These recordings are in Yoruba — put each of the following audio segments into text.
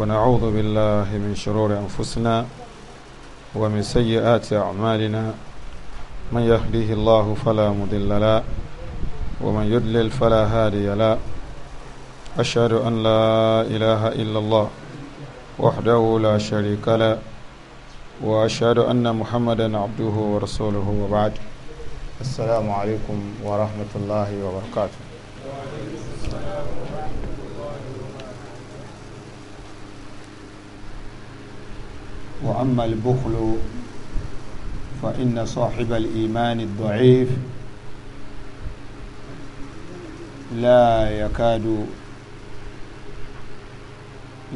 ونعوذ بالله من شرور أنفسنا ومن سيئات أعمالنا من يهديه الله فلا مضل له ومن يضلل فلا هادي له أشهد أن لا إله إلا الله وحده لا شريك له وأشهد أن محمدا عبده ورسوله وبعد السلام عليكم ورحمة الله وبركاته وأما البخل فإن صاحب الإيمان الضعيف لا يكاد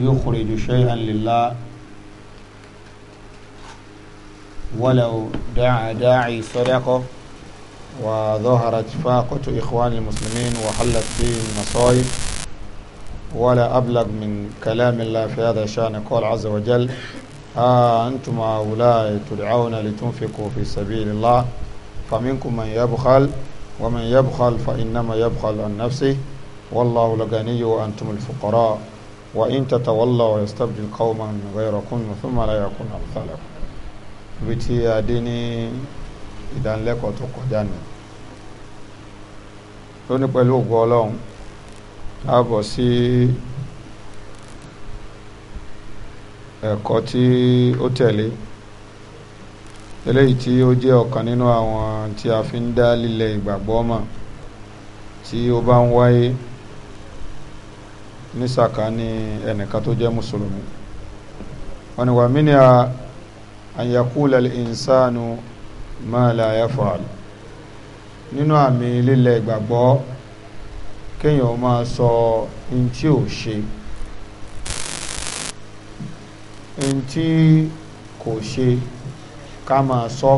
يخرج شيئا لله ولو دعا داعي صدقه وظهرت فاقة إخوان المسلمين وحلت فيه المصائب ولا أبلغ من كلام الله في هذا الشأن قال عز وجل ها أنتم هؤلاء تدعون لتنفقوا في سبيل الله فمنكم من يبخل ومن يبخل فإنما يبخل عن نفسه والله الغني وأنتم الفقراء وإن تتولوا يستبدل قوما غيركم ثم لا يكون أمثالكم بتي أديني إذا لك وتقداني لوني بلوغ ولون أبو سي ẹ̀kọ́ tí ó tẹ̀lé eléyìí tí ó jẹ́ ọ̀kan nínú àwọn tí a fi ń dá lílẹ̀ ìgbàgbọ́ mọ̀ tí ó bá ń wáyé ní sàkání ẹnìkan tó jẹ́ mùsùlùmí wọn ni wà mí ni a àyàkúlẹ̀ ìnsánu máa la yaf'al nínú àmì lílẹ̀ ìgbàgbọ́ kéèyàn máa sọ ní tí ò ṣe. So, ẹni tí kò ṣe ká máa sọ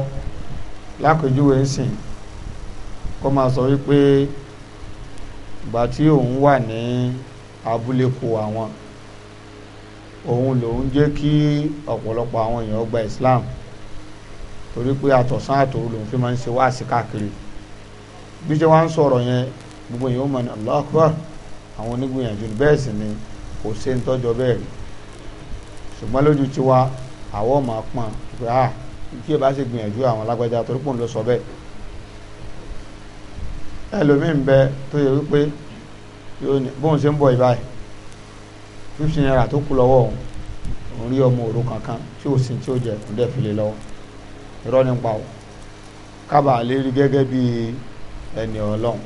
lápèjúwe ń sìn kó máa sọ wípé ìgbà tí òun wà ní abúlé kó àwọn òun lòun jẹ́ kí ọ̀pọ̀lọpọ̀ àwọn èèyàn gba Islam torí pé àtọ̀sán àtòru lòun fi máa ń ṣe wáàsí káàkiri bí jẹ́ wá ń sọ̀rọ̀ yẹn gbogbo èèyàn ó mọ̀ ní Allahu Akbar àwọn onígbìyànjú bẹ́ẹ̀ sì ni kò ṣe ń tọ́jọ́ bẹ́ẹ̀ rí ṣùgbọ́n lójú ti wa àwọ̀ máa pọ́n pé a kí ẹ bá ṣe gbìyànjú àwọn alágbájá torí pòun ló sọ bẹ́ẹ̀ ẹlòmíì ń bẹ tó yẹ wípé bóun ṣe ń bọ̀ ìbáyìí fifteen naira tó kú lọ́wọ́ òun òun rí ọmọ òru kankan tí ó sin tí ó jẹ òun dẹ̀ fi lé lọ́wọ́ irọ́ nípa o kábà lè rí gẹ́gẹ́ bí ẹni ọlọ́run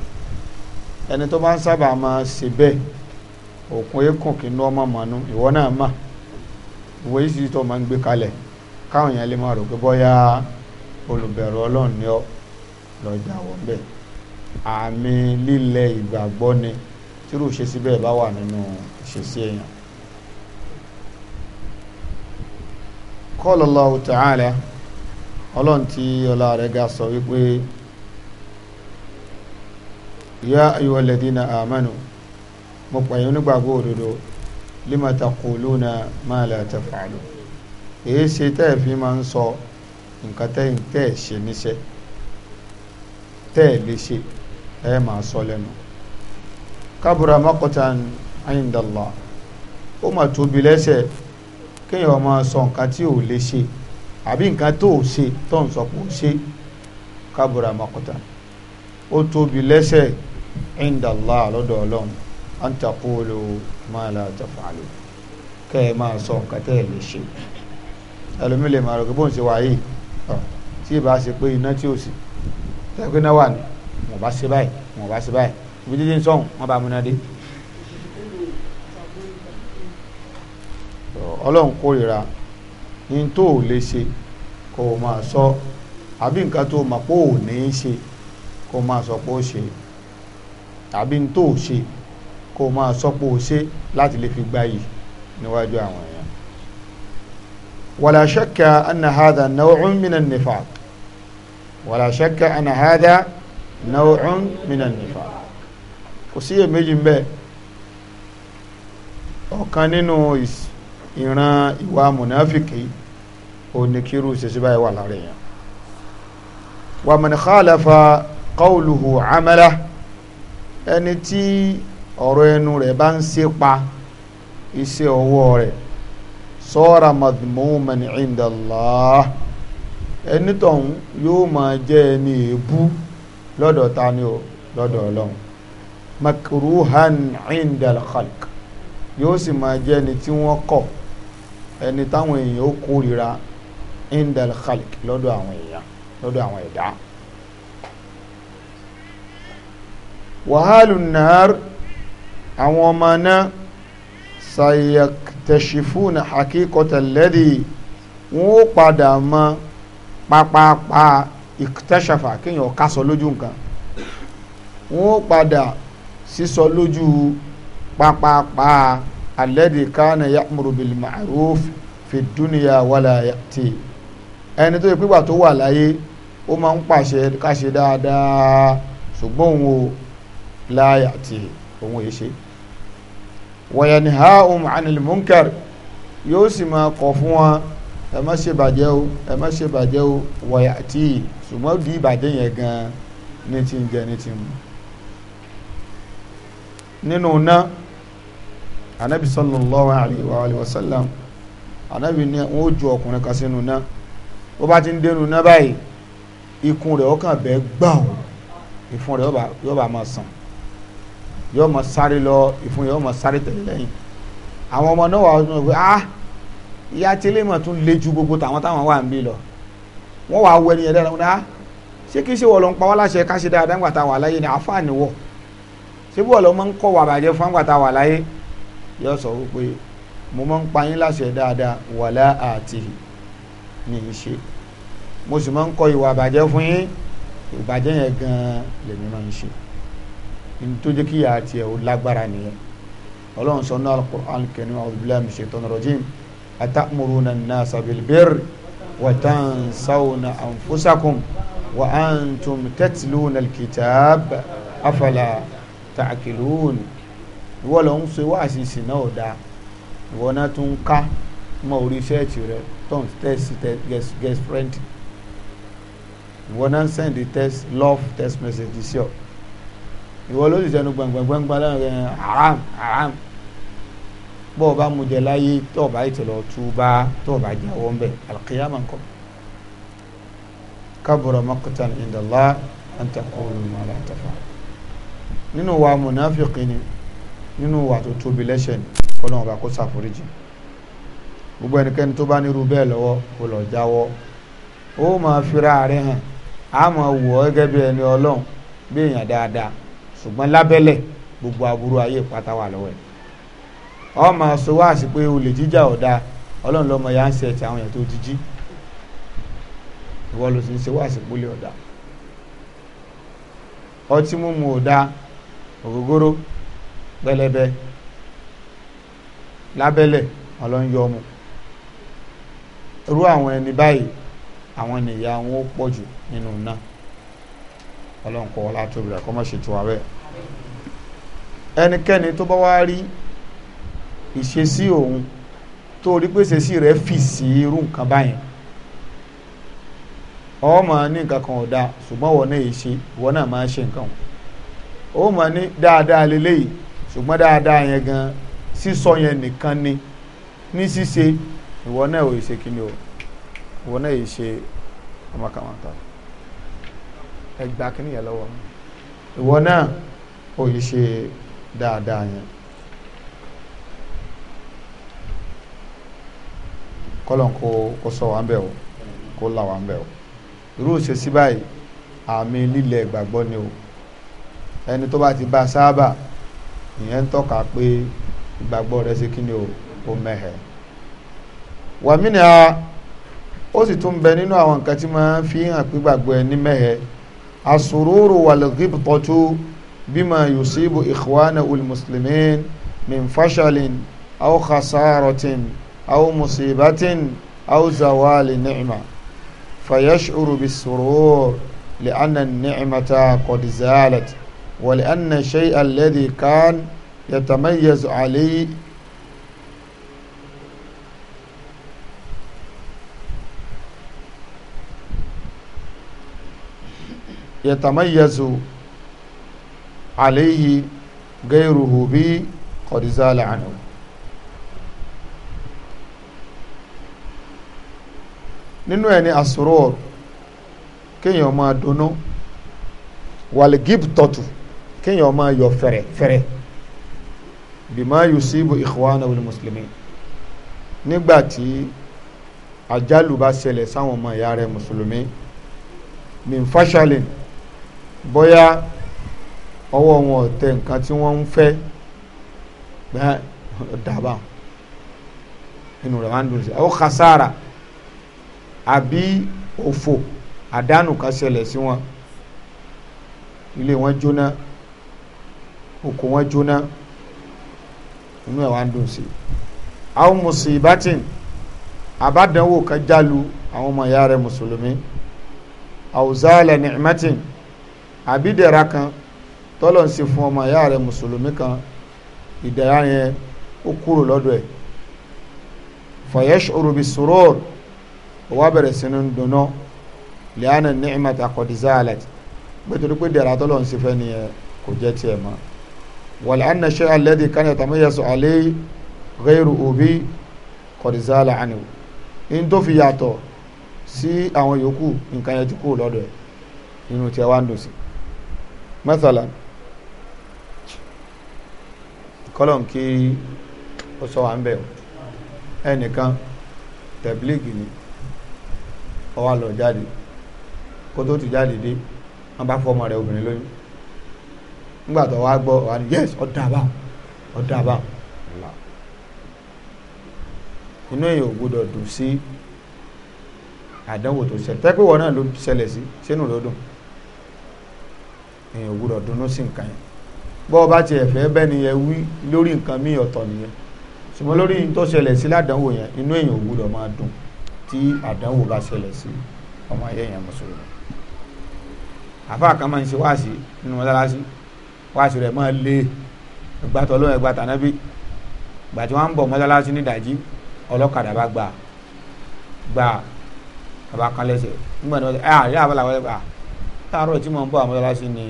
ẹni tó bá ń sábà máa ṣe bẹ́ẹ̀ òkun eékùn kì í ná ọmọ mọ́nú ìwọ náà mà. wòye sì tó máa ń gbé kalẹ̀ káwọn èèyàn lè máa rò pé bọ́yá olùbẹ̀rù ọlọ́run ni ọ lọ́jà wọ̀ bẹ́ẹ̀ àmì lílẹ̀ ìgbàgbọ́ ni tírú ìṣesí bẹ́ẹ̀ bá wà nínú ìṣesí èèyàn. Qala Allahu ọlọ́run tí ọlá rẹ̀ ga sọ wípé ya ayyuhalladhina amanu mo pààyàn onígbàgbọ́ òdodo. lima taquluna ma la taf'alu èyí ṣe tẹ́ ẹ̀ fi máa ń sọ nǹkan tẹ́yìn tẹ́ ẹ̀ ṣe níṣẹ́ tẹ́ ẹ̀ lè ṣe ẹ̀ máa sọ lẹ́nu kabura maqtan inda Allah ó mà tóbi lẹ́sẹ̀ kéèyàn máa sọ nǹkan tí ò lè ṣe àbí nǹkan tó ò ṣe tó ń sọ pé ò ṣe kabura maqtan O tóbi lẹ́sẹ̀ inda Allah lọ́dọ̀ ọlọ́run an taqulu ma la taf'alu kẹ́ ẹ máa sọ nǹkan tẹ́ ẹ lè ṣe ẹlòmí lè máa rò pé bóun ṣe wà yìí tí ìbá ṣe pé iná tí ò sí ṣe pé náà wà ní wọn bá ṣe báyìí wọn bá ṣe báyìí ibi dídí ń sọ̀hún wọn bá múná dé. ọlọ́run kórìíra ní tó ò lè ṣe kó o máa sọ àbí nǹkan tó o mọ̀ pé ò ní í ṣe kó o máa sọ pé ó ṣe àbí ní tó ò ṣe kó máa sọ́pọ̀ ṣe láti lè fi gbáyì níwájú àwọn èèyàn wàlá ṣẹ́kà anna hadha naw'un minan nifaq wàlá ṣẹ́kà anna hadha naw'un minan nifaq kò sí èméjì mbẹ́ ọ̀kan nínú ìran ìwà mùnáfìkì oníkírù ṣẹṣẹ báyìí wà lára èèyàn wàmùn khalafa qawluhu ẹni tí ọ̀rọ̀ ẹnu rẹ̀ bá ń ṣe pa iṣẹ́ ọwọ́ rẹ̀ sọ́ra madhmuman inda Allah ẹni tọ̀hún yóò máa jẹ́ ẹni èébú lọ́dọ̀ ta ni o lọ́dọ̀ ọlọ́run makruhan inda al-khalq yóò sì máa jẹ́ ẹni tí wọ́n kọ̀ ẹni táwọn èèyàn ó kórìíra inda al lọ́dọ̀ àwọn èèyàn lọ́dọ̀ àwọn ẹ̀dá wàhálù nàárù àwọn ọmọ náà sayaktashifuna hakikota lẹ́dí wọn ó padà mọ pápápá ìtẹ́sàfà kéèyàn kásọ lójú nǹkan wọn ó padà sísọ lójú pápápá alẹ́dí kánà ya'muru bil ma'ruf fi dúnìyà wàlà yàtì ẹni tó yẹ pípa tó wà láyé ó máa ń pàṣẹ káṣe dáadáa ṣùgbọ́n òun ò láyàtì òun èé ṣe wayanhahum anil munkar yóò sì máa kọ̀ fún wọn ẹ má ṣe bàjẹ́ o ẹ má ṣe bàjẹ́ o wọ̀yà tí ṣùgbọ́n di ìbàjẹ́ yẹn gan-an ní ti ń jẹ ní ti ń mu. nínú ná anabi sallallahu alayhi wa alayhi wa sallam anabi ní wọn ó ju ọkùnrin kan sínú ná ó bá ti ń dénú ná báyìí ikùn rẹ̀ ó kàn bẹ́ẹ̀ gbà ó ìfun rẹ̀ yóò bá máa sàn yóò mọ sáré lọ ìfun yóò mọ sáré tẹ̀lé lẹ́yìn àwọn ọmọ náà wà ọdún ọgbẹ́ ah ìyá tílé mọ̀ tún lé ju gbogbo tàwọn táwọn wà ń bí lọ wọ́n wà wọ ẹni yẹn dáadáa wọn ah ṣé kí ṣe wọ́n lọ ń pa wá láṣẹ ká ṣe dáadáa ńgbà tá a wà láyé ni àáfàá ni wọ̀ ṣé bí wọ́n lọ máa ń kọ́ wà bàjẹ́ fún àgbà a wà láyé yóò sọ wípé mo máa ń pa yín láṣẹ dáadáa wàlá àti ní í ṣe mo sì máa ń kọ ìwà àbàjẹ́ fún yín ìbàjẹ́ yẹn gan-an lèmi máa ń ṣe nítorí kí yàrá tiẹ̀ ó lágbára nìyẹn ọlọ́run sọ náà al-Qur'an kẹrin a'udhu billahi minash shaitonir rajim atamuruna an-nasa bil birri wa tansawna anfusakum wa antum tatluna al-kitab afala ta'qilun ìwọ ló ń ṣe wáàsí ìsìn náà dáa ìwọ náà tún ń ká mọ orí ṣẹ́ẹ̀tì rẹ tó ń tẹ́sì friend ìwọ náà ń send love text message sí ọ ìwọ ló sì sẹnu gbàngbàngbàngbà lẹ́yìn haram haram bó o bá mu jẹ láyé tó o bá ètò lọ tú bá tó o bá jáwọ́ ń bẹ̀ alqiyama ńkọ́ kabura maqtan indallah an taqulu ma la taf'al nínú wa munafiqi ni nínú wa tó tóbi lẹ́sẹ̀ ni kọ́lọ́wọ́n bá kó ṣàforíjì gbogbo ẹnikẹ́ni tó bá nírú bẹ́ẹ̀ lọ́wọ́ kó lọ jáwọ́ ó máa fira rẹ̀ hàn á máa wọ̀ ọ́ gẹ́gẹ́ bí ẹni ọlọ́run bí èèyàn dáadáa ṣùgbọ́n lábẹ́lẹ̀ gbogbo aburú ayé pátá wà lọ́wọ́ ẹ̀ ọ máa sọ wá sí pé olè jíjà ọ̀dà ọlọ́run lọ́mọ ya ń ṣe ẹ̀tì àwọn èèyàn tó ti jí ìwọ ló sì ń ṣe wá sí pólé ọ̀dà ọtí mímu ọ̀dà ògógóró pẹlẹbẹ lábẹ́lẹ̀ ọlọ́run yọ ọmọ irú àwọn ẹni báyìí àwọn nìyà wọn pọ̀ jù nínú náà ọlọ́run kọ́ látòbí rẹ̀ kọ́ mọ̀ ṣètò ààrẹ ẹnikẹ́ni tó bá wá rí ìṣesí òun tó rí pé ìṣesí rẹ̀ fì sí irú nǹkan báyẹn ọmọ ní nǹkan kan ọ̀dà ṣùgbọ́n wọn náà ṣe wọn náà máa ṣe nǹkan ó mọ̀ ní dáadáa lélẹ́yìí ṣùgbọ́n dáadáa yẹn gan sísọ yẹn nìkan ni ní ṣíṣe ìwọ náà ò ṣe kí ni o ìwọ náà ò ṣe ọmọkàmọ́ta ẹ gba kíní yẹn lọ́wọ́ ìwọ náà ò yí ṣe dáadáa yẹn kọ́lọ̀ kó sọ wá ń bẹ̀ o kó là wá ń bẹ̀ o irú òṣèṣì báyìí àmì lílẹ̀ ìgbàgbọ́ ni o ẹni tó bá ti bá a sáábà ìyẹn ń tọ́ka pé ìgbàgbọ́ rẹ̀ ṣe kí ni o ó mẹ́hẹ̀ wàmínà ó sì tún bẹ nínú àwọn nǹkan tí máa fi hàn pé gbàgbọ́ ẹni mẹ́hẹ̀ẹ́ السرور والغبطة بما يصيب إخوان المسلمين من فشل أو خسارة أو مصيبة أو زوال نعمة فيشعر بالسرور لأن النعمة قد زالت ولأن الشيء الذي كان يتميز عليه yatamayyazu alayhi gairuhu bi qad zala anhu nínú ẹni asurur kéèyàn máa dunnú walgibtatu kéèyàn máa yọ fẹ̀rẹ̀ fẹ̀rẹ̀ bima yusibu ikhwana wal muslimin nígbà tí àjálù bá ṣẹlẹ̀ sáwọn ọmọ ìyá min fashalin bóyá ọwọ́ wọn ò tẹ nǹkan tí wọ́n ń fẹ́ gbẹ́ dàbà inú rẹ̀ wọ́n ń dùn sí ọ kàsára àbí òfò àdánù kan ṣẹlẹ̀ sí wọn ilé wọn jóná oko wọn jóná inú ẹ̀ wá ń dùn sí àwọn musibatin àbádánwò kan jálu àwọn ọmọ ìyá rẹ̀ mùsùlùmí àwùzálẹ̀ nìmẹ́tìn àbídẹ̀ra kan tọ́lọ̀ ń ṣe fún ọmọ ìyá rẹ̀ mùsùlùmí kan ìdẹ̀ra yẹn ó kúrò lọ́dọ̀ ẹ̀ fọyẹ́ṣ orubi surur ó wá bẹ̀rẹ̀ sínú dùnú lẹ́yìn ní ìmọ̀ta kọ̀dísà alẹ́ gbẹ́tọ́rí pé dẹ̀ra tọ́lọ̀ ń ṣe fẹ́ nìyẹn kò jẹ́ tiẹ̀ mọ́ wàlẹ́ àná ṣe alẹ́dì kan yẹ tàmí yẹsọ alẹ́ gẹ́rù òbí kọ̀dísà alẹ́ àná in tó fi yàtọ̀ sí àwọn yòókù nǹkan yẹn ti kúrò lọ́dọ̀ ẹ̀ inú tiẹ̀ wá ń dùn sí i mẹ́sàlá kọ́lọ̀ kí ó sọ wà ń bẹ̀ ẹnìkan tẹ̀blígì ni ó wá lọ jáde kó tó ti jáde dé wọ́n bá fọmọ rẹ̀ obìnrin lóyún nígbà tó wá gbọ́ wà ní yes ọ̀dà bá ọ̀dà bá inú èèyàn ò gbọdọ̀ dùn sí àdánwò tó ṣẹlẹ̀ tẹ́pẹ́ wọn náà ló ṣẹlẹ̀ sí sínú ló dùn èèyàn òwúrọ̀ dunnú sí nǹkan yẹn bọ́ ọ bá ti ẹ̀fẹ́ bẹ́ni yẹn wí lórí nǹkan míì ọ̀tọ̀ nìyẹn ṣùgbọ́n lórí yìí tó ṣẹlẹ̀ sí ládàáwò yẹn inú èèyàn òwúrọ̀ máa dùn tí àdánwò bá ṣẹlẹ̀ sí ọmọ ayé yẹn mùsùlùmí àfa kan máa ń ṣe wáàsí nínú mọ́sálásí wáàsí rẹ̀ máa lé ẹgbàtọ́ lóhùn ẹgbàtà náà bí gbàtí wọ́n ń bọ̀ mọ́sálásí nídàjí ọlọ́kadà bá gbà gbà bàbá kan lẹ́sẹ̀ nígbà tí wọ́n ṣe ẹ àríyá àbálà wọlé gbà láàárọ̀ tí mò ń bọ̀ àwọn ọlọ́sí ni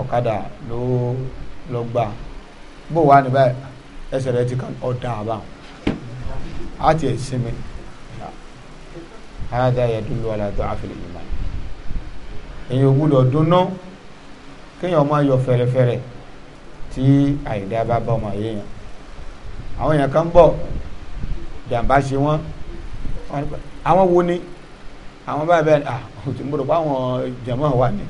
ọ̀kadà ló lọ gbà bó wà ní báyìí ẹsẹ̀ rẹ ti kàn ọ̀dà àbáwọn á ti ẹ̀ sinmi hada yadullu ala da'fi al-iman èyàn gbúdọ̀ dúnná kéèyàn máa yọ fẹ̀rẹ̀fẹ̀rẹ̀ tí àìdá bá bá ọmọ èèyàn àwọn èèyàn kan bọ̀ jàǹbá ṣe wọ́n àwọn wo ni àwọn báyìí bẹ́ẹ̀ ah òtún gbọ́dọ̀ pa àwọn jàmọ́ wà ní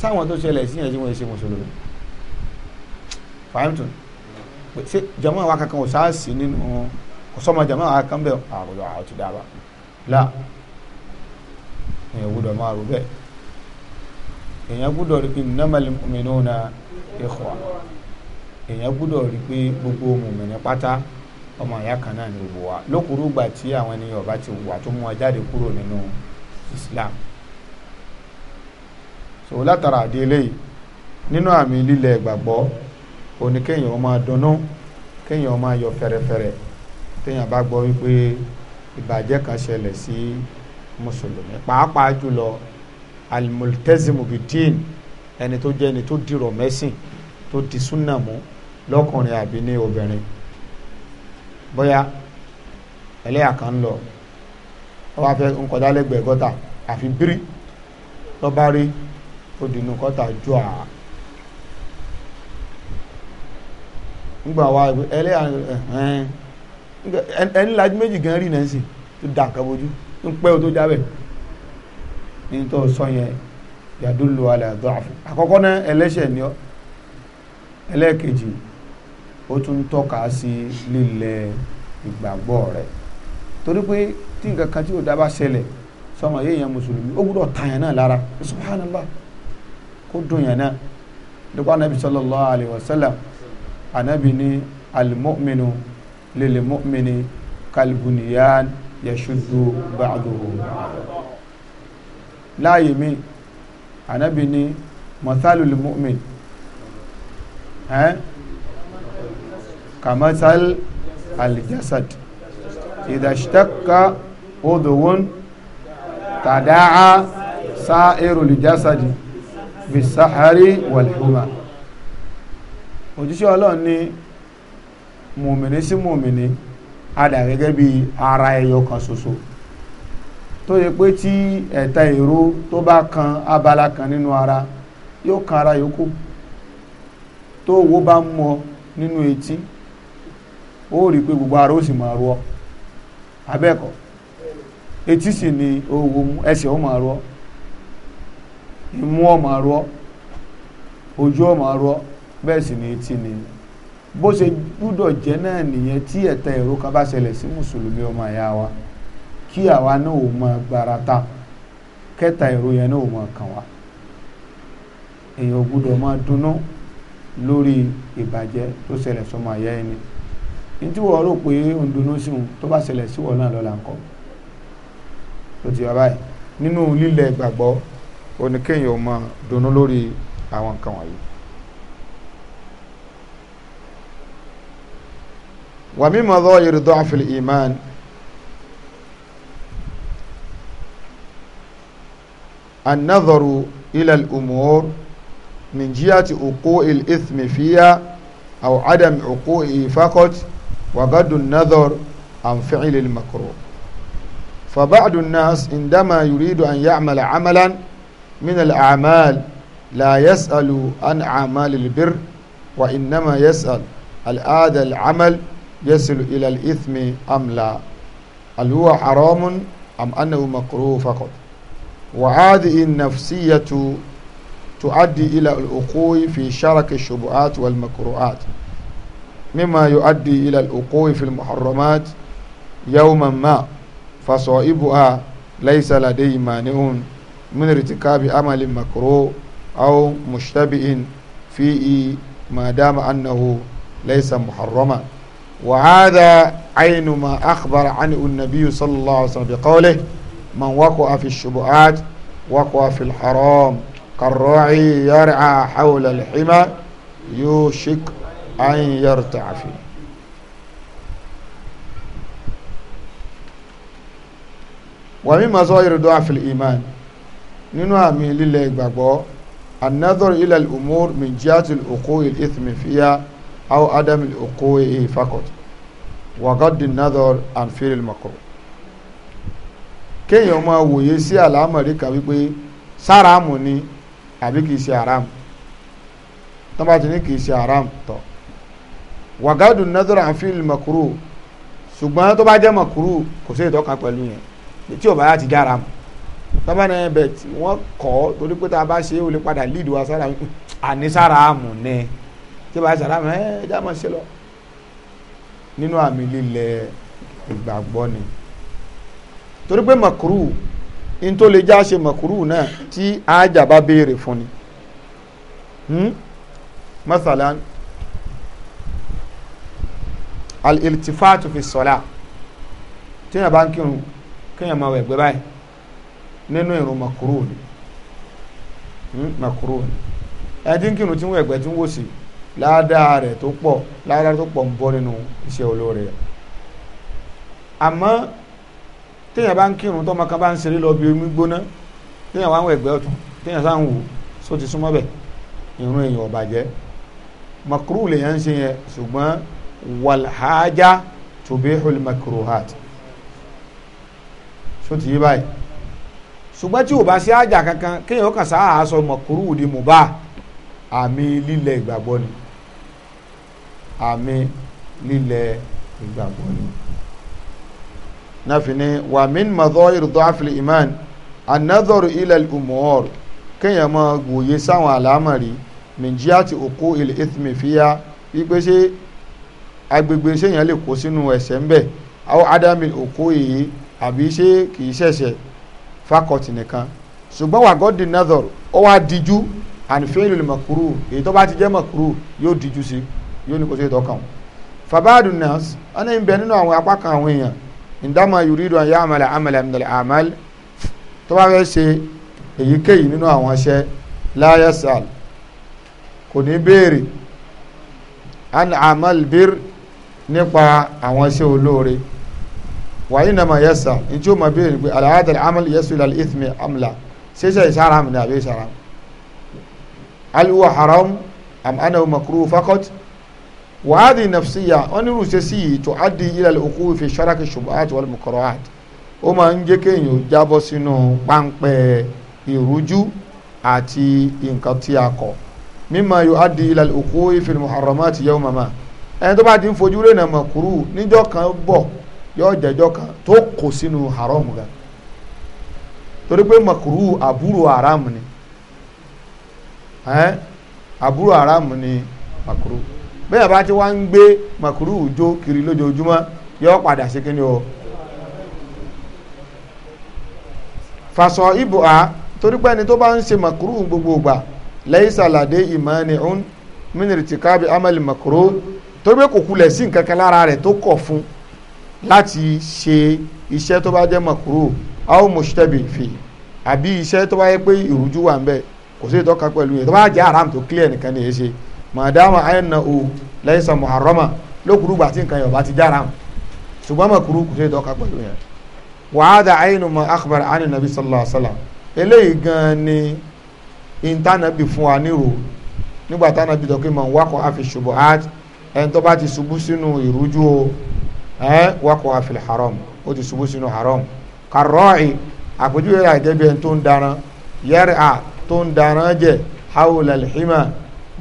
sáwọn tó ṣẹlẹ̀ sí ẹ̀jẹ̀ wọn ṣe mùsùlùmí fàámtù ṣe jàmọ́ wa kankan ò sáà sí nínú ọ̀sọ́mọ jàmọ́ wa kan bẹ́ẹ̀ àròyọ àwọn ti dára là èèyàn gbọ́dọ̀ máa rò bẹ́ẹ̀ èèyàn gbọ́dọ̀ rí pé innamal mu'minuna ikhwa èèyàn gbọ́dọ̀ rí pé gbogbo mùmìnì pátá ọmọ ìyá kan náà ni gbogbo wa lókùrú gbà tí àwọn ènìyàn ọba ti wà tó mú wa jáde kúrò nínú Islam so látara àdé eléyìí nínú àmì lílẹ̀ ìgbàgbọ́ òní kéèyàn ó máa dunnú kéèyàn ó máa yọ̀ fẹ̀rẹ̀fẹ̀rẹ̀ téèyàn bá gbọ́ wípé ìbàjẹ́ kan ṣẹlẹ̀ sí mùsùlùmí pàápàá jùlọ alimultezimu bidin ẹni tó jẹ́ ẹni tó dìrọ̀ mẹ́sìn tó di súnà lọ́kùnrin àbí ní obìnrin bóyá ẹlẹ́yà kan ń lọ ó wá fẹ́ ń kọjá lẹ́gbẹ̀ẹ́ gọ́tà àfi bírí ló rí ó dìnnú jù à nígbà wa ẹlẹ́yà ẹni lajú méjì gan rí náà sí tó dà nǹkan bójú ń pẹ́ o tó jábẹ̀ ní tó sọ yẹn yàdúlò alẹ́ àdó àfọ àkọ́kọ́ náà ẹlẹ́ṣẹ̀ ni ọ ẹlẹ́ẹ̀kejì ó tún tọ́ka sí lílẹ̀ ìgbàgbọ́ rẹ̀ torí pé tí nǹkan kan tí ò dábàá ṣẹlẹ̀ sọmọ yé yẹn mùsùlùmí ó gbúdọ̀ ta yẹn náà lára subhanallah kó dùn yẹn náà dùkọ́ anabi sallallahu alayhi wa sallam anabi ni alimọ́minu lilimọ́minu kalbuniyan yasudu ba'duhu láàyè mi anabi ni masalul Eh? kàmẹ́tàl الجسد إذا odòwòn tàdáà sáàrù aljasadi bí sáhari wàlhùmá òjíṣẹ́ ọlọ́run ní mùmìnì sí mùmìnì adà gẹ́gẹ́ bí ara ẹyọ kan ṣoṣo tó yẹ pé tí ẹ̀ta ìró tó bá kan abala kan nínú ara yóò kan ara yòókù tó owó bá mọ́ nínú etí ó rí pé gbogbo ara ó sì máa rọ abẹ́ẹ̀kọ́ etí sì ni owó ẹsẹ̀ ó máa rọ imú ó máa rọ ojú ó máa rọ bẹ́ẹ̀ sì ni etí ni bó gbúdọ̀ jẹ́ náà nìyẹn tí ẹ̀tẹ̀ èrò kan bá ṣẹlẹ̀ sí mùsùlùmí ọmọ wa kí àwa náà ò gbára ta kẹta yẹn náà ò kàn wá èèyàn gbúdọ̀ máa lórí ìbàjẹ́ tó ṣẹlẹ̀ sọmọ ẹni. ní tí wọ́n rò pé òun dunú sí òun tó bá ṣẹlẹ̀ sí wọn náà lọ́la ńkọ́ tó ti yọba yìí nínú lílẹ̀ ìgbàgbọ́ oníkéyìn ò mọ lórí àwọn nǹkan wọ̀nyí. wa mimma dhahir dha'f al-iman an-nadharu ila al-umur min jihati uqu'i al 'adam uqu'i faqat وبعد النظر عن فعل المكروه فبعض الناس عندما يريد أن يعمل عملا من الأعمال لا يسأل عن أعمال البر وإنما يسأل هل هذا العمل يصل إلى الإثم أم لا هل هو حرام أم أنه مكروه فقط وهذه النفسية تؤدي إلى الوقوع في شرك الشبهات والمكروهات مما يؤدي إلى الوقوع في المحرمات يوما ما فصائبها ليس لديه مانع من ارتكاب عمل مكروه أو مشتبه فيه ما دام أنه ليس محرما وهذا عين ما أخبر عنه النبي صلى الله عليه وسلم بقوله من وقع في الشبهات وقع في الحرام كالراعي يرعى حول الحمى يوشك an yarta'a fi wa mimma mazahir du'af al-iman nínú àmì lílẹ̀ ìgbàgbọ́ an-nadhar ila al-umur min jihati al-uqu'i al-ithmi fiha aw adam al-uqu'i faqat wa ghadd an-nadhar an fi'l al-makruh kéèyàn máa wòye sí àlámọ̀rí kan wípé sáramù ni àbí kìí ṣe àrámù tọ́ba ti ní kìí ṣe àrámù tọ́ wàgádùn nọ́dọ̀rọ̀ àǹfíìlì mọ̀kúrò ṣùgbọ́n tó bá jẹ́ mọ̀kúrò kò sí ìtọ́ka pẹ̀lú yẹn tí ò bá yà ti jára mu tábàánà ẹ̀ bẹ̀ tí wọ́n kọ́ torí pé tá a bá ṣe é o lè padà líìdì wa sára àní sára mu nẹ tí bá sára mu ẹ ẹ já máa ṣe lọ nínú àmì lílẹ̀ ìgbàgbọ́ ni torí pé mọ̀kúrò n tó lè já ṣe mọ̀kúrò náà tí ájà bá béèrè fún ni hmm? masalan al-iltifatu fi sọlá tíyẹn bá ń kírun kéèyàn máa wẹ̀ gbé báyìí nínú ìrun makuru ni hmm, makuru ni ẹni tí ń kírun tí ń wẹ̀ gbẹ́ tí ń wò sí ládàá rẹ̀ tó pọ̀ ládàá tó pọ̀ ń bọ́ nínú iṣẹ́ olóore rẹ̀ àmọ́ téèyàn bá ń kírun tọ́mọ kan bá ń ṣeré lọ bí omi gbóná téèyàn wá ń wẹ̀ gbẹ́ ọ̀tún téèyàn sá ń wò só ti súnmọ́ bẹ̀ ìrun èèyàn ò bàjẹ́ makuru lèèyàn ń ṣe yẹn ṣùgbọ́n wàlhájá tubihul makruhat ṣó ti yí báyìí ṣùgbọ́n tí ò bá sí àjà kankan kéèyàn kàn sáà aṣọ makruhu di mubá àmì lílẹ̀ ìgbàgbọ́ ni àmì lílẹ̀ ìgbàgbọ́ ni náfìní wà min madhoir dọ́àfìlì iman anadọ́rù ilẹ̀ umar kéèyàn máa gbòye sáwọn àlámọ̀rí mìjíàtì òkú ilẹ̀ ithmi wípé ṣé agbègbè sẹ́yìn lè kó sínú ẹ̀ṣẹ̀ ńbẹ̀ àwọn adami òkú èyí àbí ṣé kì í ṣẹ̀ṣẹ̀ fakọ̀tì nìkan ṣùgbọ́n wà gọ́dì nazar ó wá díjú ànífẹ́yìn lè mọ̀kúrú èyí tó bá ti jẹ́ mọ̀kúrú yóò díjú sí yóò ní kò sí ìtọ́kàn fàbáàdù nas ọ̀nà ìbẹ̀ nínú àwọn apá kan àwọn èèyàn ìdámọ̀ yuridu an ya'mala amala min al-a'mal tó bá fẹ́ ṣe èyíkéyìí nínú àwọn iṣẹ́ la yas'al kò ní béèrè an amal bir nípa àwọn iṣẹ́ olóore wàyí nàmà yẹsà njẹ́ o ma bẹ́ẹ̀ ni pé alahadal amal yẹsu ilal ithmi amla ṣeṣe ìṣara mi ni àbí ìṣara aliwa haram am anahu makruh fakot wàhádìí nafsiya wọn ní rúṣe sí yìí tó adi ilal òkú fi ṣaraki ṣubuhat wal mukarohat ó máa ń jẹ́ kéèyàn jábọ́ sínú páńpẹ́ ìrújú àti nǹkan tí a kọ̀ mímọ yóò adi ilal òkú fi muharramat yawma ma ẹni tó bá ti ń fojú rìnà mọ̀kúrú níjọ́ kan bọ̀ yọ jẹjọ́ kan tó kò sínú haram gan torí pé mọ̀kúrú àbúrò haram ni àbúrò haram ni mọ̀kúrú bẹ́ẹ̀ bá ti wá ń gbé mọ̀kúrú jó kiri lójoojúmọ́ yọ padà sí kíni o fasọ ibò a torí pé ẹni tó bá ń ṣe mọ̀kúrú gbogbo lẹ́yìn sàlàdé ìmọ̀ ni òun mínírìtì kábí amẹ́lì mọ̀kúrú torí pé kò kulẹ̀ sí nǹkan kan lára rẹ̀ tó kọ̀ fún láti ṣe iṣẹ́ tó bá jẹ́ mọ̀kúrò aw mushtabi fi àbí iṣẹ́ tó bá yẹ pé ìrújú wà ń bẹ̀ kò sí ìtọ́ka pẹ̀lú yẹn tó bá jẹ́ haram tó clear nìkan ni èyí ṣe màdàmà àyànnà o laysa muharrama lókùrú gbà tí nǹkan yẹn ò bá ti jẹ́ ṣùgbọ́n mọ̀kúrú kò sí ìtọ́ka pẹ̀lú yẹn. wàhádà àyìnú mọ akhbar ani nabi sallallahu alayhi wa sallam eléyìí gan ni intanabi fún wa nírò nígbà tánabi dọ̀kí ẹni tó bá ti ṣubú sínú ìrújú o ẹ waqa'a fil haram ó ti ṣubú sínú haram karọ́ọ̀ì àpèjúwe rẹ̀ àgẹ́bí ẹni tó ń daran yẹ́rì à tó ń daran jẹ hawla al-hima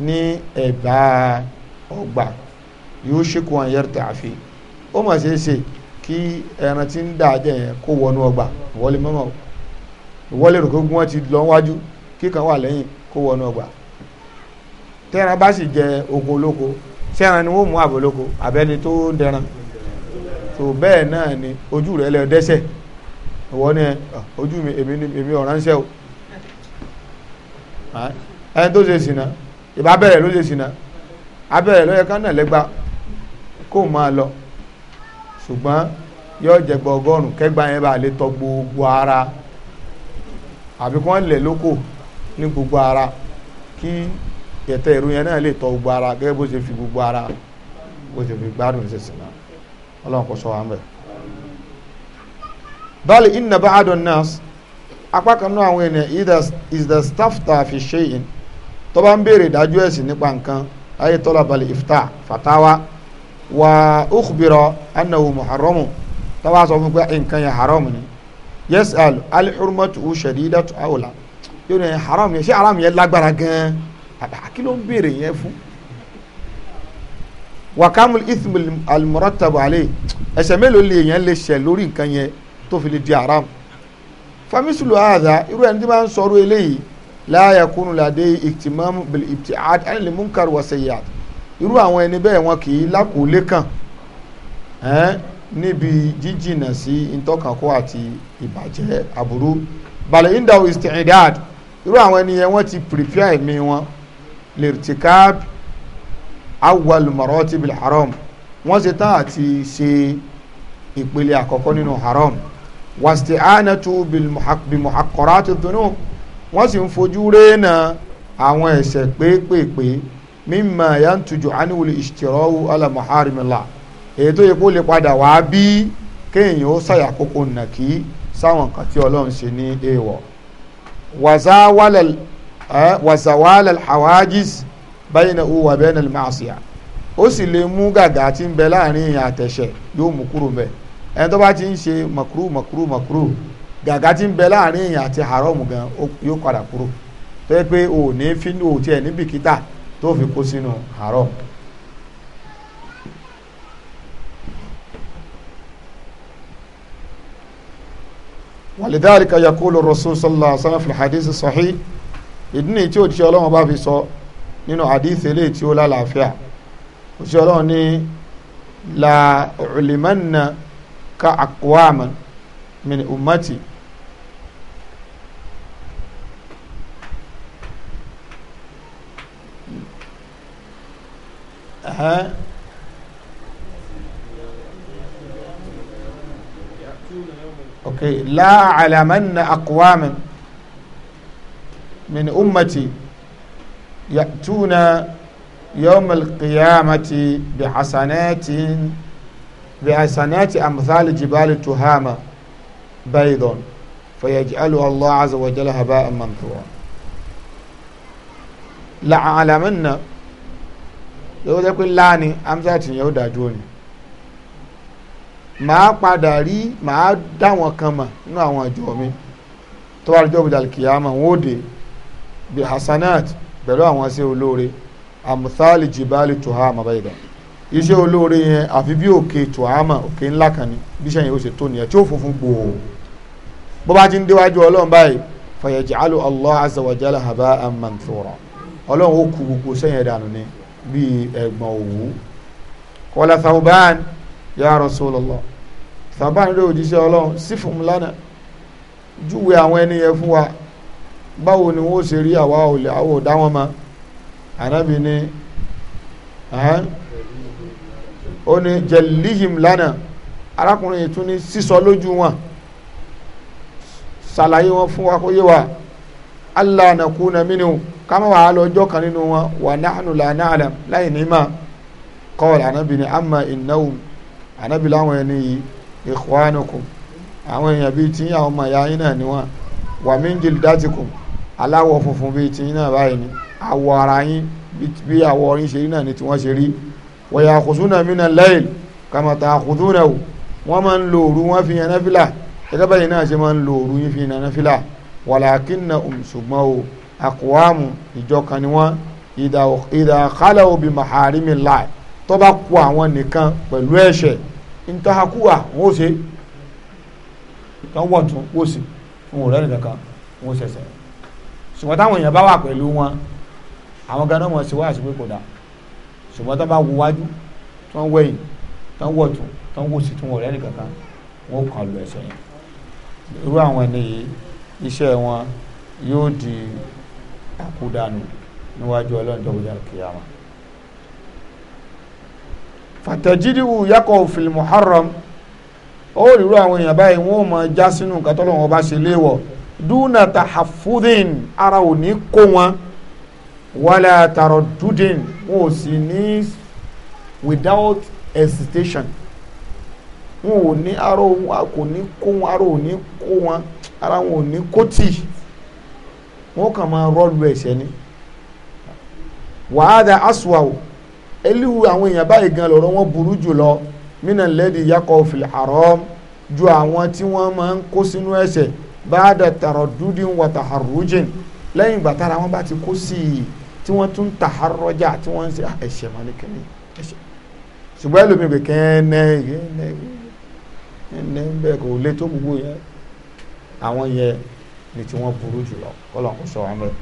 ní ẹ̀bá ọgbà yushiku an yarta'a fi ó mà ṣe é ṣe kí ẹran tí ń dà jẹ yẹn kó wọnú ọgbà ìwọlé mọ́mọ́ ìwọlé rò gbogbo wọn ti lọ wájú kíkan wà lẹ́yìn kó wọnú ọgbà tẹ́ran bá sì jẹ ogun olóko ṣé ẹran ni wọ́n mú àbòlóko àbẹ́ni tó ń dẹran tó bẹ́ẹ̀ náà ni ojú rẹ̀ lẹ dẹ́sẹ̀ ìwọ ni ojú mi èmi ni èmi ọ̀ràn ṣẹ́ o ẹni tó ṣe sìnà ìbá bẹ̀rẹ̀ ló ṣe sìnà abẹ́rẹ́ lọ́yẹ ká náà lẹ́gba kó máa lọ ṣùgbọ́n yóò jẹgbọ ọgọ́rùn kẹgbà yẹn bá lè tọ gbogbo ara àbí kí wọ́n lẹ̀ lóko ní gbogbo ara kí ẹ̀tẹ́ ìrú yẹn náà lè tọ gbogbo ara gẹ́gẹ́ bó ṣe fi gbogbo ara bó ṣe fi gbádùn ṣe sìnà ọlọ́run kò sọ wa ń bali inna ba'adun nas apá kan náà àwọn ènìyàn is the staff ta fi ṣe in tó bá ń béèrè ìdájọ́ ẹ̀sìn nípa nǹkan ayé tọ́lá bali ifta fatawa wa ukhbira annahu muharramu tó bá sọ fún pé nǹkan yẹn haram ni yas'al alhurmatu shadidatu awla yóò ní haram yẹn ṣé haram yẹn lágbára gan-an kí ló ń béèrè yẹn fún wàkàmù ismu alimọ̀rọ̀tàbù alẹ́ ẹ̀ṣẹ̀ mélòó lè yẹn lè ṣẹ̀ lórí nǹkan yẹn tó fi lè di haram famisulu àdá irú ẹni tí máa ń sọ̀rọ̀ eléyìí láàyè kúnnù làdé ìtìmọ́mù bìlì ìtìhàd ẹni lè mú nkàrù wọ̀sẹ̀yà irú àwọn ẹni bẹ́ẹ̀ wọn kì í lákòólé kan níbi jíjìnà sí ìtọ́kànkó àti ìbàjẹ́ aburú balẹ̀ indaw istidad irú àwọn ẹni yẹn wọ́n ti prepare ẹ̀mí wọn lirtikab awwal maratibil haram wọ́n ṣe tán àti ṣe ìpele àkọ́kọ́ nínú haram wasti'anatu bimuhaqqarati dhunub wọ́n sì ń fojú rénà àwọn ẹ̀ṣẹ̀ pépèpé mimma yantuju anwul ishtirau ala muharimillah èyí tó yẹ kó lè padà wá bí kéèyàn ó ṣàyàkókò nàkí sáwọn kan ọlọ́run ṣe ní èèwọ̀ wàzá wálẹ̀ Eh? wazawala alhawajiz baynahu wa bayna almaasiya ó sì lè mú gàgà tí ń bẹ láàrin ìyàn àtẹ̀ṣẹ̀ yóò mú kúrò mbẹ ẹni tó bá ti ń ṣe makuru makuru makuru gàgà tí ń bẹ láàrin ìyàn àti haramu gan yóò padà kúrò tó yẹ pé o ò ní fínú òtí ẹ̀ ní bìkítà tó fi kó sínú haram. ولذلك يقول الرسول صلى الله عليه وسلم في الحديث الصحيح ìdí nìyí tí òjíṣẹ́ ọlọ́run bá fi sọ nínú hadith eléyìí tí ó lálàáfíà òjíṣẹ́ ọlọ́run ní la ulimanna ka aqwaman min ummati ها اوكي min ummati ya'tuna yawmal qiyamati bi hasanatin bi hasanati amthali jibali tuhama baydon fayaj'aluha Allah azza wa jalla haba'an manthura la'alamanna ló jẹ́ pé láàni amsat yẹn ó dájú ni màá padà rí màá dá wọn kan mà nínú àwọn àjọ mi tó bá rí jọ́bù dàlùkìyàmà wọn ó dé bi hasanat pẹ̀lú àwọn ṣe olóore amuthali jibali tuhama bayida iṣẹ́ olóore yẹn àfi bí òkè tuhama òkè ńlá kan ni bí iṣẹ́ yẹn ó ṣe tó nìyẹn tí ó funfun gbòò bó bá ti ń déwájú ọlọ́run báyìí fayaj'alu allah azza wa jalla haba'an manthura ọlọ́run ó ku gbogbo sẹ́yìn dànù ni bíi ẹ̀gbọ́n òwú qala thawban ya rasulallah thawban ló jíṣẹ́ ọlọ́run sífùmùlánà júwe àwọn ẹni yẹn fún wa báwo ni wọ́n ṣe rí àwa olè àwọ̀ dá wọn ma ànábì ni ó ní jẹ̀líhìm lánàá arákùnrin yìí tún ní sísọ lójú wọn ṣàlàyé wọn fún wa kó yé wa allah nakuna minhu kama wàá lọ kan nínú wọn wà nahnu la na'lam láì ní mà kọ́ọ̀lù ànábì ni amma innahum ànábì láwọn ẹni yìí ikhwanukum àwọn èèyàn bíi tí àwọn ọmọ náà ni wọn wa min jildatikum aláwọ̀ funfun bíi tiyín náà báyìí ni àwọ̀ ara yín bí àwọ̀ yín ṣe rí náà ni tí wọ́n ṣe rí wa ya'khudhuna mina al-layl kama ta'khudhunahu wọ́n máa ń lo òru wọ́n fi yan náfìlà gẹ́gẹ́ báyìí náà ṣe máa ń lo òru yín fi yan náfìlà walakinnahum ṣùgbọ́n o àkùwámù ìjọ ni wọ́n ìdà kálẹ̀ òbí màhàrímì láì tó bá kù àwọn nìkan pẹ̀lú ẹ̀ṣẹ̀ ntahakuwa wọn ò ṣe tán wọ̀ntún wọ́n sì wọn ò rẹ́rìn kankan ò ṣẹ̀ṣẹ̀ ṣùgbọ́n táwọn èèyàn bá wà pẹ̀lú wọn àwọn ganan mọ̀ sí wáàsí pé kò dáa ṣùgbọ́n tó bá wo wájú tó ń wẹ̀yìn tó ń wọ̀tún tó ń wòsì tó ń wọ̀rẹ́ nìkankan wọn ò kàn lu ẹsẹ̀ yẹn irú àwọn ẹni yìí iṣẹ́ wọn yóò di àkúdànù níwájú ọlọ́run tó wúyà kìyàmà fàtẹ̀jídìwù yakọ̀ fil muharram ó rí irú àwọn èèyàn báyìí wọn ò mọ já sínú nǹkan tọ́lọ́run ọba ṣe léèwọ̀ dúnà tahafudin ara ò ní kó wọn wàlẹ̀ àtàrọ̀ dúdin wọn ò sì ní without hesitation wọn ò ní ara wọn kò ní kó wọn ara ò ní kó wọn ara wọn ò ní kó tì wọn kàn máa rọlù ẹsẹ̀ ni wàhádà aswa o eléwu àwọn èèyàn báyìí gan lọ́rọ̀ wọn burú jù lọ mínà lẹ́dí yakọ̀ fil haram ju àwọn tí wọ́n máa ń kó sínú ẹsẹ̀ báàdà tàràdúdín wà tàhàrújìn lẹ́yìn ìgbà tára wọn bá ti kó sí i tí wọ́n tún tàhárọ́jà tí wọ́n ń ṣe ah, ẹ̀ṣẹ̀ máa ní kíní ẹ̀ṣẹ̀ ṣùgbọ́n ẹlòmíì pé kẹ́ẹ́nẹ́ kẹ́ẹ́nẹ́ kẹ́ẹ́nẹ́ bẹ́ẹ̀ kò lé tó gbogbo yẹn àwọn yẹn ni tí wọ́n burú jùlọ kọ́lọ̀ kó sọ wọn bẹ́ẹ̀.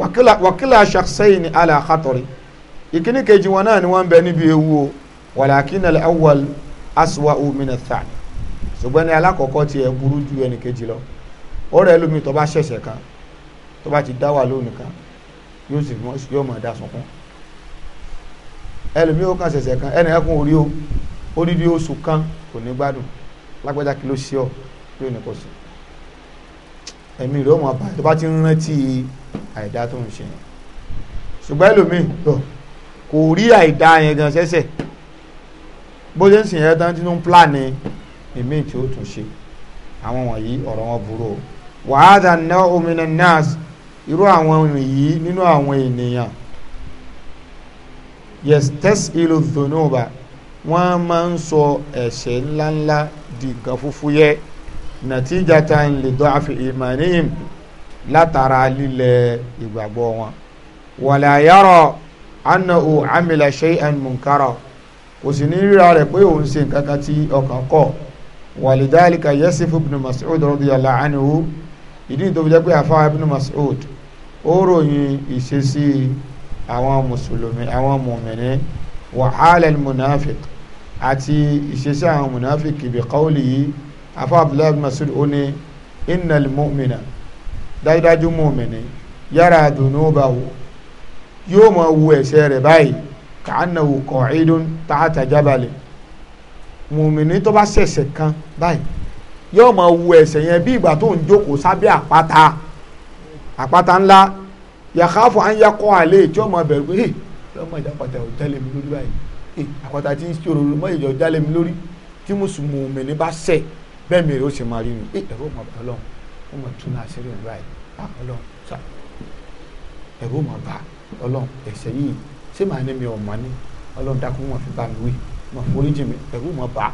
wàkìlà wàkìlà ni alẹ́ àkàtọ̀rì ìkíní kejì wọn náà ni wọ́n bẹ níbi ṣùgbọ́n ní alákọ̀ọ́kọ́ tiẹ̀ burú ju ẹnìkejì lọ ọ̀rẹ́ ẹlòmíì tó bá ṣẹ̀ṣẹ̀ kan tó bá ti dá wà lónìí kan yóò sì mọ yóò mọ da sunkún ẹlòmíì ó kàn ṣẹ̀ṣẹ̀ kan ẹnì kan orí o odidi oṣù kan kò ní gbádùn lágbájá kí ló ṣe ọ yóò ní kò sí ẹ̀mí rẹ̀ ó mọ̀ báyìí tó bá ti ń rántí àìdá tó ń ṣe yẹn ṣùgbọ́n ẹlòmíì kò rí àìdá yẹn gan ṣẹ̀ṣẹ̀ bó ṣe ń sìn yẹn tán tí ó ń pláàni èmi tí ó tún ṣe àwọn wọ̀nyí ọ̀rọ̀ wọn burú o wàhádà náà omina nas irú àwọn yìí nínú àwọn ènìyàn yes test ìlú zonoba wọ́n máa ń sọ ẹ̀ṣẹ̀ ńláńlá di nǹkan fúfú yẹ nàtíjàta ń lè dọ́ àfi ìmánìyàn látara lílẹ̀ ìgbàgbọ́ wọn wàlà yàrá annahu amila shay'an munkara kò sì ní ríra rẹ̀ pé òun ṣe nǹkan kan tí ọkàn kọ̀ walidhalika yasif ibn Mas'ud radiyallahu anhu ìdí tó fi jẹ́ pé àfa ibn Mas'ud ó ròyìn ìṣesí àwọn mùsùlùmí àwọn mùmìnì wàhálà munafik àti ìṣesí àwọn munafik bi qawlihi àfa abdullahi ibn Mas'ud ó ní innal mu'mina dájúdájú mùmìnì yára dunubahu yóò máa wo ẹ̀ṣẹ̀ rẹ̀ báyìí ka'annahu qa'idun ta'ata jabal mùmìnì tó bá ṣẹ̀ṣẹ̀ kan báyìí yóò máa wo ẹsẹ̀ yẹn bí ìgbà tó ń jókòó sábẹ́ àpáta àpáta ńlá yàkáfọ̀ à ń yakọ̀ àlẹ́ tí yóò máa bẹ̀rù pé ẹ̀ lọ́mọ ìdápàtà ò jálẹ̀ mi lórí báyìí ẹ̀ àpáta tí ń ṣòro lọ́mọ ìjọ jálẹ̀ mi lórí tí mùsùlùmí ní bá sẹ̀ bẹ́ẹ̀ mi rè ó sì máa rí mi ẹ̀ ẹ̀rọ ọmọ ọlọ́run ó máa tún náà ṣeré ìlú báyìí ọlọ́run sá ẹ̀rọ ọmọ bá ọlọ́run ẹ̀sẹ̀ yìí ṣé màá ní mi ọ̀ mọ́ ni ọlọ́run dákú mọ̀ fi bá mi wí mọ̀ foríjì mi ẹ̀rọ ọmọ bá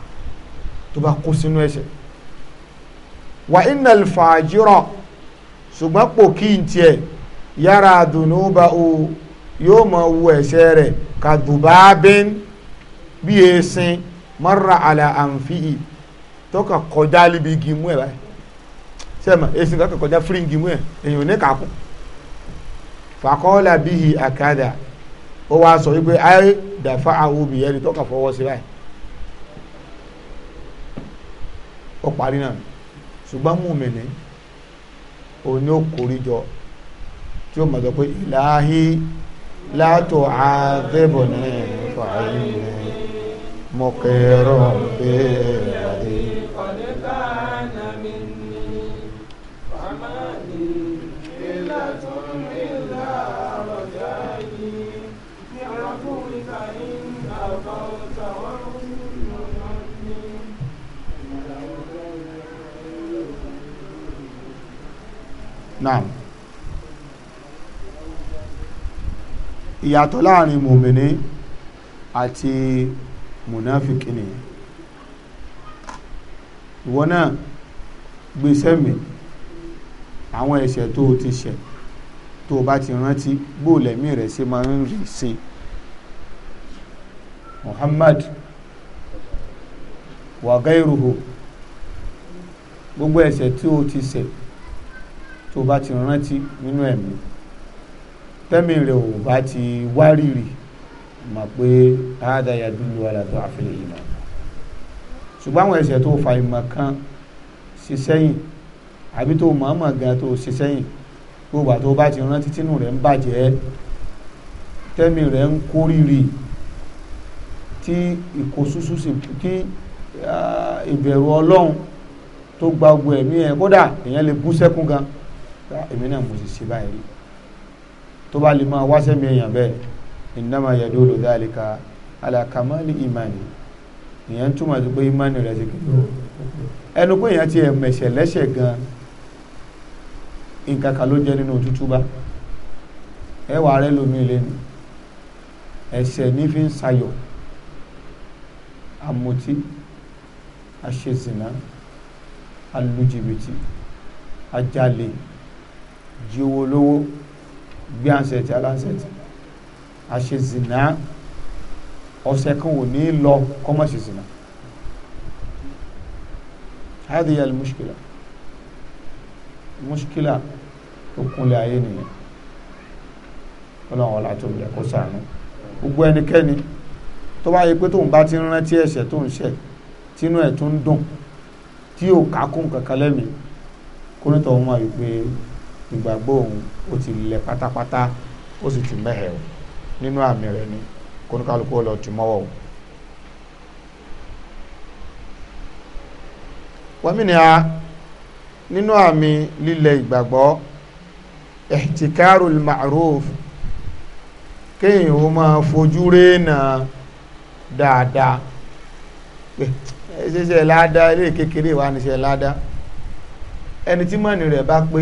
tó bá kó sínú ẹ̀ṣẹ̀ wà innal fàájírọ̀ ṣùgbọ́n pò kí n tiẹ̀ yára dùnú bá o yóò mọ wo ẹ̀ṣẹ̀ rẹ̀ ka dùbábín bí esin mọ́ra àlà àǹfìyì tó kà kọjá níbi igi mú báyìí sẹ́mà esin kà kọjá fíríǹgì mú ẹ̀ èyàn ní kàkùn fàkọ́ọ́lá bíi àkàdà ó wàá sọ wípé ayé dàfà àwọn obìyẹn tó kà fọwọ́ sí báyìí. ó parí náà ṣùgbọ́n mùmìnì òní ó kórí jọ tí ó mọ̀tọ́ pé ìláhí látò àdébọ̀nì fàáyìnì mọ̀kẹ́rọ̀ bẹ́ẹ̀ rẹ̀ naam ìyàtọ̀ láàrin mùmìnì àti mùnáfíkì ni ìwọ náà gbèsè mi àwọn ẹ̀ṣẹ̀ tó ti ṣẹ̀ tó bá ti rántí bóòlẹ̀mí rẹ̀ ṣe máa ń rí sí Muhammad wa gairuhu gbogbo ẹ̀ṣẹ̀ tí ó ti ṣẹ̀ tó bá ti rántí nínú ẹ̀mí tẹ́mi rẹ̀ ò bá ti wárìrì mọ̀ pé àádáyà dúró alàtọ̀ àfihàn ìmọ̀ ṣùgbọ́n àwọn ẹ̀ṣẹ̀ tó fa ìmọ̀ kan ṣe sẹ́yìn àbí tó mọ̀ọ́mọ̀ gan tó ṣe sẹ́yìn gbogbo àti ó bá ti rántí tínú rẹ̀ ń bàjẹ́ tẹ́mi rẹ̀ ń kórìrì tí ìkóṣúṣú sì tí ah, ìbẹ̀rù ọlọ́run tó gba ogun ẹ̀mí ẹ̀ kódà èèyàn lè bú sẹ́kún gan èmi náà mo sì ṣe báyìí rí tó bá lè máa wáṣẹ́ mi èèyàn bẹ́ẹ̀ innama yadulu dhalika ala kamali imani ìyẹn túmọ̀ sí pé imani rẹ̀ ti kéde ẹnu pé èèyàn ti ẹ̀ mẹ̀ṣẹ̀ lẹ́ṣẹ̀ gan nǹkan kan ló jẹ́ nínú tútú bá ẹ wà rẹ lómi lẹ́nu ẹ̀ṣẹ̀ ní fi ń sayọ̀ àmutí aṣèṣìnà alùjìbìtì ajalè jí owó lówó gbé ànsẹ̀tì alánsẹ̀tì àṣezìnà ọ̀sẹ̀ kan ò ní lọ kọ́mọ̀ ṣèṣìnà hádìí al-mushkila mushkila tó kúnlẹ̀ ayé nìyẹn ọlọ́run ọ̀la tó bẹ̀rẹ̀ kó sànú gbogbo ẹnikẹ́ni tó bá yẹ pé tóun bá ti rántí ẹ̀ṣẹ̀ tó ń ṣẹ̀ tínú ẹ̀ tó ń dùn tí yóò kákún kankan lẹ́mìí kó nítorí wọn máa yọ pé ìgbàgbọ́ òun ó ti lẹ̀ pátápátá ó sì ti mẹ́hẹ̀ o nínú àmì rẹ̀ ni kóníkálukú ó lọ tì mọ́wọ́ o. wọ́mìnira nínú àmì lílẹ̀ ìgbàgbọ́ ihtikarul ma'ruf kéèyàn ó máa fojú rénà dáadáa pé ṣíṣe ládàá ilé kékeré wa ní ṣe ládàá ẹni tí mọ̀nì rẹ̀ bá pé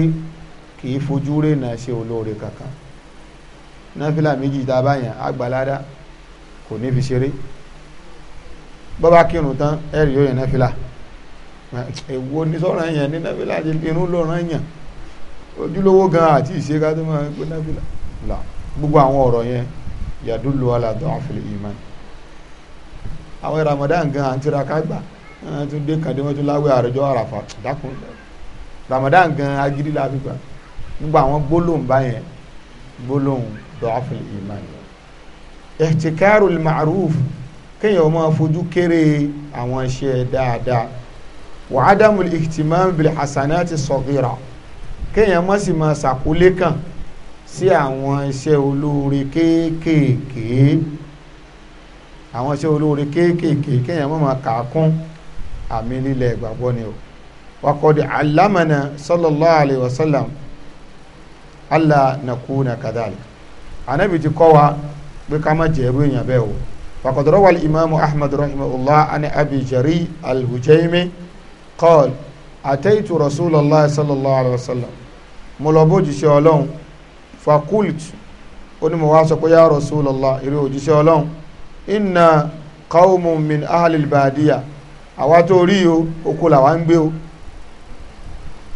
kì í fojú rènà ṣe olóore kankan náfìlà méjì tá a bá yàn àgbàládá kò ní fi ṣeré bọ́bá kírun tán ẹ̀rì yóò yàn náfìlà èwo ní sọ̀rọ̀ yàn ní náfìlà irun lọ́rọ̀ yàn ojúlówó gan àti ìṣe ká tó máa gbé náfìlà là gbogbo àwọn ọ̀rọ̀ yẹn yàdúlù aládùn àfìlẹ̀ ìmánì àwọn Ramadan gan à ń tiraka gbà tún dé kàdé wọn tún láwé àrẹjọ àràfà dákun Ramadan gan agídí la fi gbà gbogbo àwọn gbólóhùn báyẹn gbólóhùn dọ́ọ̀fù ìmánì ẹ̀tìkáàrò ma'ruf kéèyàn máa fojú kéré àwọn iṣẹ́ dáadáa wà ádámù ìtìmáà bil hasanati saghira kéèyàn má sì máa ṣàkólé kàn sí àwọn iṣẹ́ olóore kéékèèké àwọn iṣẹ́ olóore kéékèèké kéèyàn má máa kà á kún àmì lílẹ̀ ìgbàgbọ́ ni o wàkọ̀dì alámànà sallallahu alayhi wa allah nakuna kadhalik anabi ti kọ́ wa pé ká má jẹ́ irú èèyàn bẹ́ẹ̀ o fakọ̀dọ̀rọ̀ wà imaamu ahmed rahimahullah ani abi jari alhujaimi qal ataitu rasulallah sallallahu alaihi wasallam mo lọ bó jíṣẹ́ ọlọ́run fakult onímọ̀ wá sọ pé yá rasulallah irú òjíṣẹ́ ọlọ́run inna qawmun min ahlil badiya àwa tó rí o oko làwa o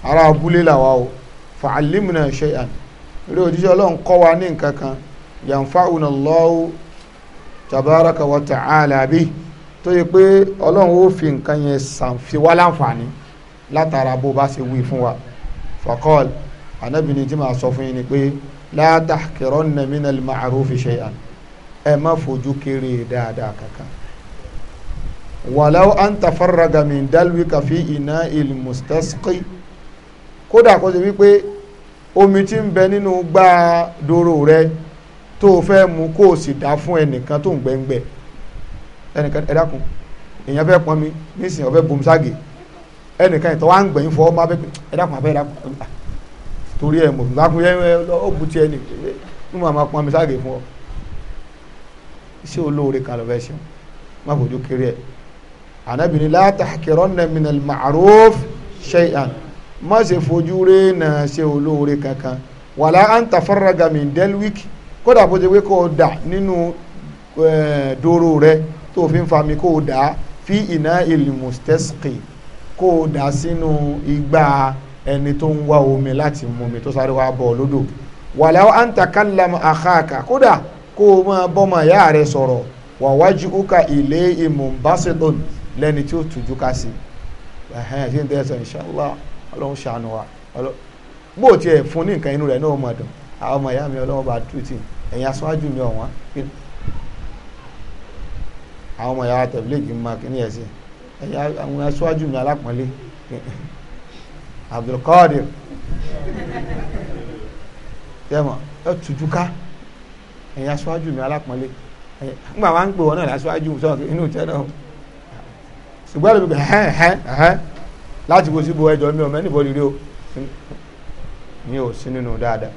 ara abúlé làwa o fa'allimna shay'an eré òjíṣẹ́ ọlọ́run kọ́ wa ní nǹkan kan yanfa'una Allahu tabaraka wa ta'ala bi tó yẹ pé ọlọ́run ó fi nǹkan yẹn sànfi wá láǹfààní látara bó bá ṣe wí fún wa faqal anabi ni tí màá sọ fún yín ni pé la tahqiranna minal ma'rufi shay'an ẹ má fojú kéré dáadáa kankan wàláwó an tafarraga min dalwika fi ina il mustasqi kódà kó ṣe wípé omi tí ń bẹ nínú gbáà doro rẹ tó o fẹ́ mu kó o sì dá fún ẹnìkan tó ń gbẹ̀ngbẹ̀ ẹnìkan ẹ dákun èèyàn fẹ́ pọn mi nísìnyí ọ̀fẹ́ bomuságe ẹnìkan ìtọ́ wa ń gbẹ̀yìn fọ́ ọmọ abẹ́ ẹ dákun abẹ́ ẹ dákun torí ẹ mọ̀ lákun yẹn ó bu tiẹ̀ ní ní màmá pọn mi ságe fún ọ iṣẹ́ olóore kan lọ́fẹ́ ṣeun má fojú kiri ẹ̀ ànábìnrin látàkìrọ́nà minal ma'ruf shay'an má ṣe fojú rẹ náà ṣe olóore kankan wàlá à ń tafarraga min delwik kódà bó ṣe pé kó o dà nínú dòrò rẹ tó o fi ń fa mi kó o dà fi iná ilmustasqi kó o dà sínú igbá ẹni tó ń wá omi láti mú mi tó sáré wá bọ̀ lódò wàlá à ń takallam akhaka kódà kó o máa bọ́mọ ìyá rẹ sọ̀rọ̀ wà wájú uka ilé ìmùbásídọ̀n lẹ́ni tí ó tùjú ká sí ẹ̀hẹ́n ṣé ń tẹ́ sọ inshallah. ọlọ́run ṣàánú wa bó tiẹ̀ fún ní nǹkan inú rẹ̀ náà mọ̀ dùn àwọn ọmọ ìyá mi ọlọ́run bá tùtì ẹ̀yin aṣáájú mi ọ̀wọ́n àwọn ọmọ ìyá tẹ̀bílẹ̀kì ń máa kíní ẹ̀ sí ẹ̀yin àwọn aṣáájú mi alápọ̀nlé Abdulkadir yẹ́mọ̀ ẹ̀ ká ẹ̀yin aṣáájú mi alápọ̀nlé sọ̀rọ̀ inú ìtẹ́ náà ṣùgbọ́n láti bo síbo ẹjọ́ mi ò mẹ́ni bọ́ rírí o mi ò sí nínú dáadáa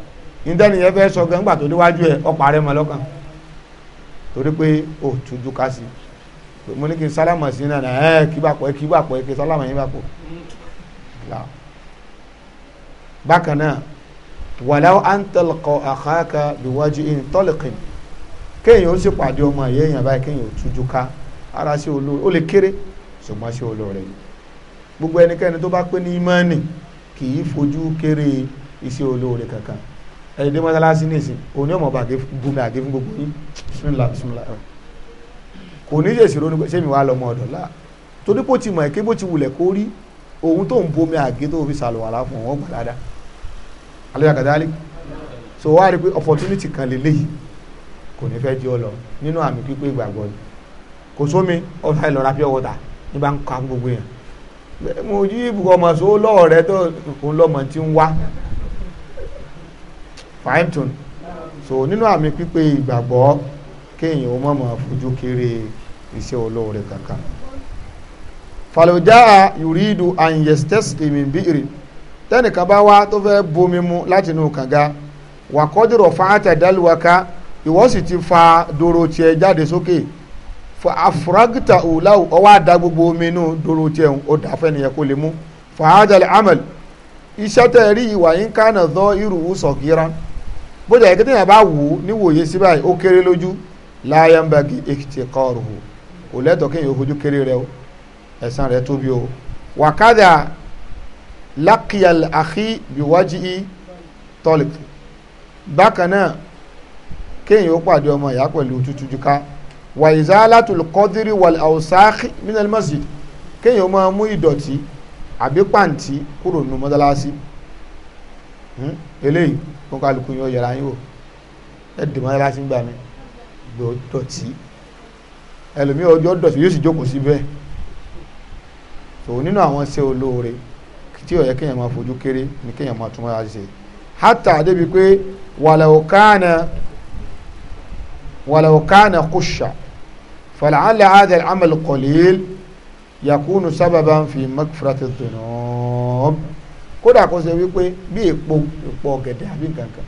nítorí yẹn fẹ́ sọ gẹ́gbà tó déwájú ẹ ọ̀pá rẹ mọ lọ́kàn torí pé o tújú ká sí mo ní kí n sálámà sí náà náà ẹ kí bá pọ̀ ẹ kí bá pọ̀ ẹ kí sálámà yín bá pọ̀ bákan náà wàláwọ́ à ń àkàkà ìwájú ìyìn tọ́lẹ̀kìn kéèyàn ó sì pàdé ọmọ ìyẹn yẹn báyìí kéèyàn ò tújú ká ara sí olóore ó lè kéré ṣùgbọ́n sí olóore yìí. gbogbo ẹnikẹ́ni tó bá pé ní ìmánì kì í fojú kéré iṣẹ́ olóore kankan ẹni dé mọ́sálásí nìsín ọmọ àgé fún gbogbo yín kò ní ṣèṣì ronú pé sẹ́mi wà lọ́mọ ọ̀dọ̀ láà torí bó ti mọ̀ ẹ́ ti wulẹ̀ kó rí ohun tó ń bomi àgé tó fi fún gbàdáda kan kò ní fẹ́ ọ lọ nínú àmì pípé ìgbàgbọ́ ni kò sómi mo jí ibùkọ́ ọmọ sọ lọ́wọ́ rẹ tó òun lọ́mọ tí ń wá fine-tune so nínú àmì pípé ìgbàgbọ́ kéèyàn ó mọ̀mọ́ fojú kéré iṣẹ́ olóore kankan fàlùjáà yùrídù àyẹ̀stẹ́s ìmìbìrì tẹ́nìkan bá wá tó fẹ́ bomi mu láti inú kànga wàkọ́dúrọ̀ fáátà dálùwáká ìwọ sì ti fa dòrò tiẹ̀ jáde sókè. Okay fa afuragita òláwò ọwọ́ àdá gbogbo omi inú dòrò tiẹ̀ ó dà fẹ́niyẹn kó lè mú fa ajalẹ̀ amẹ̀l iṣẹ́ tẹ̀ rí ìwà yín kánà dọ́ irú sọ̀kìrá bójú àyíké téèyàn bá wò ó níwòye sí báyìí ó kéré lójú láyé ń bá gi èkìtì kọ́ọ̀rù kò lẹ́tọ̀ọ́ kéèyàn fojú kéré rẹ o ẹ̀san rẹ tóbi o wàkàdà lákìyàl àkí bíwájú i tọ́lìkì bákan náà kéèyàn ó pàdé ọmọ ìyá pẹ̀lú tútù jùká wa izalatul qadri wal awsakh minal masjid kéèyàn máa mú ìdọ̀tí àbí pàǹtí kúrò nínú mọ́sálásí hmm? eléyìí wọn kálukú yóò yẹra yín wò ẹ dè mọ́sálásí gbà mí dọ̀tí ẹlòmíì ọjọ́ dọ̀tí yóò sì jókòó sí bẹ́ẹ̀ tòun nínú àwọn ṣe olóore tí ó kéèyàn máa fojú kéré ni kéèyàn máa túmọ̀ ṣe hátà débi pé wàlẹ̀ òkàánà ولو كان قشا فلعل هذا العمل قليل يكون سببا في مغفرة الذنوب kódà kó ṣe wípé bí èpo èpo ọ̀gẹ̀dẹ̀ àbí nǹkankan